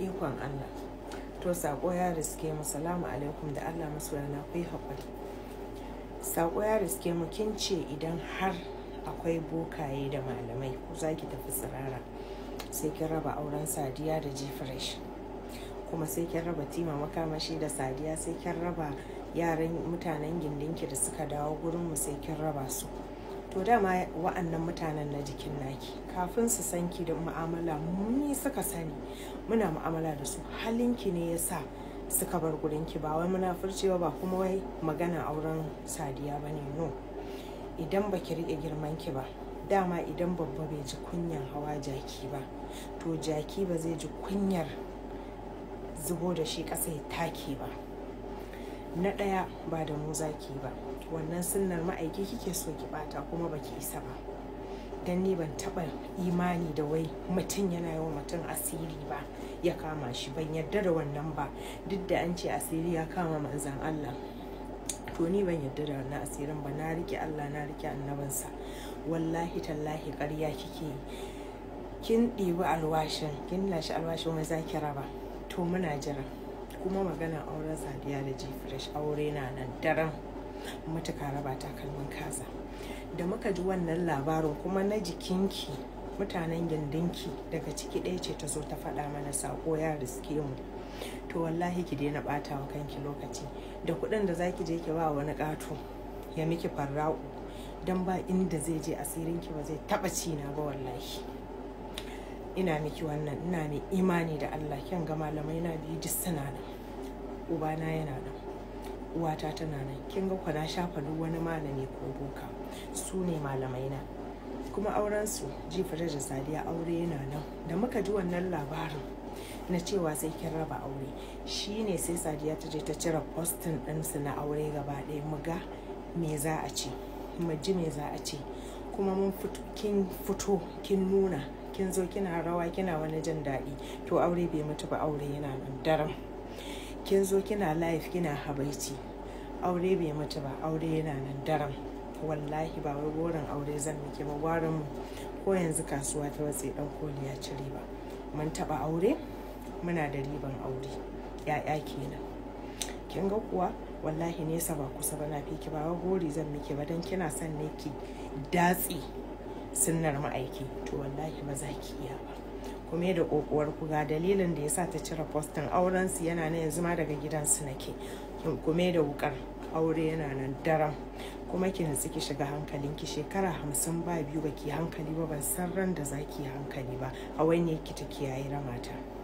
ikon Allah to sako ya riske mu salamu alaikum da Allah masu rana, kai haƙuri sako ya riske mu kin ce idan har akwai bokaye da malamai ko za ki tafi tsirara sai kin raba auren sadiya da jifresh kuma sai kin raba tima makamashi da sadiya sai kin raba yaran mutanen gindinki da suka dawo gurinmu sai kin raba su to dama wa'annan mutanen na jikin naki kafin su san ki da mu'amala muni suka sani muna mu'amala da su halinki ne ya sa suka bar gurinki ba wai muna furcewa ba kuma wai magana auren sadiya ba ne no idan ba ki riƙe ki ba dama idan babba bai ji kunyan hawa jaki ba to jaki ba zai ji kunyar zubo da shi ƙasa ya take ba na ɗaya ba da mu zaki ba wannan sunnar ma'aiki kike so ki bata kuma baki isa ba dan ni ban taɓa imani da wai mutum yana yi wa mutum asiri ba ya kama shi ban yarda da wannan ba duk da an ce asiri ya kama manzan Allah to ni ban yarda da wannan asirin ba na rike Allah na rike annabinsa wallahi tallahi ƙarya kike yi kin ɗibi alwashin kin lashe alwashin wai za ki raba to muna jira kuma magana auren sadiya da ji fresh aure na nan daren matuka raba takalmin kaza da muka ji wannan labarin kuma na jikinki mutanen gindinki daga ciki ɗaya ce ta zo ta faɗa mana sako ya riske mu to wallahi ki daina ɓata wa kanki lokaci da kuɗin da za ki je ki ba wani ƙato ya miki farra'u don ba inda zai je asirinki ba zai taɓa ci na, ba wallahi ina miki wannan ina mai imani da Allah kyan ga malamai na biyu duk suna nan ubana yana nan uwata tana nan kin ga kwana shafa duk wani malami ko boka su ne malamai na kuma auren su fita da sadiya aure yana nan da muka ji wannan labarin na cewa sai kin raba aure shine sai sadiya ta je ta cire postin ɗinsu na aure gaba ɗaya mu ga me za a ce mu ji me za a ce kuma mun kin fito kin nuna kin zo kina rawa kina wani jin daɗi to aure bai mutu ba aure yana nan daram kin zo kina life kina habaici aure bai mutu ba aure yana nan daram wallahi ba wai goren aure zan miki ba gwarin mu ko yanzu kasuwa ta watse dan koli ya ci riba mun taba aure muna da riban aure ya'ya kenan kin ga kuwa wallahi nesa ba kusa ba na fiki ba gori zan miki ba dan kina son ne ki datsi sunnar ma'aiki to wallahi ba za ki iya ba kuma da kokowar ku ga dalilin da yasa ta cire postin auren su yana na yanzu ma daga gidansu nake kuma da wukar aure yana nan daram kuma ki nutsi ki shiga hankalin ki shekara hamsin ba biyu ba ki hankali ba ban san ran da za ki hankali ba a wani ki ta kiyaye ramata. mata